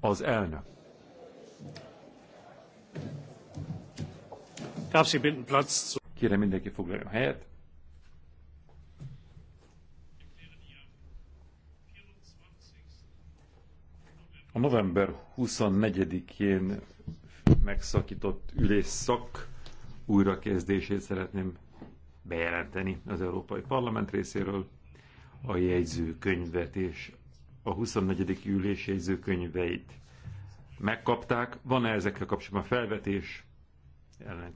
Az elnök. Kérem mindenki foglaljon helyet. A november 24-én megszakított ülésszak újrakezdését szeretném bejelenteni az Európai Parlament részéről. A jegyzőkönyvet és a 24. ülés jegyzőkönyveit. Megkapták, van-e ezekkel kapcsolatban felvetés, ellenkezés?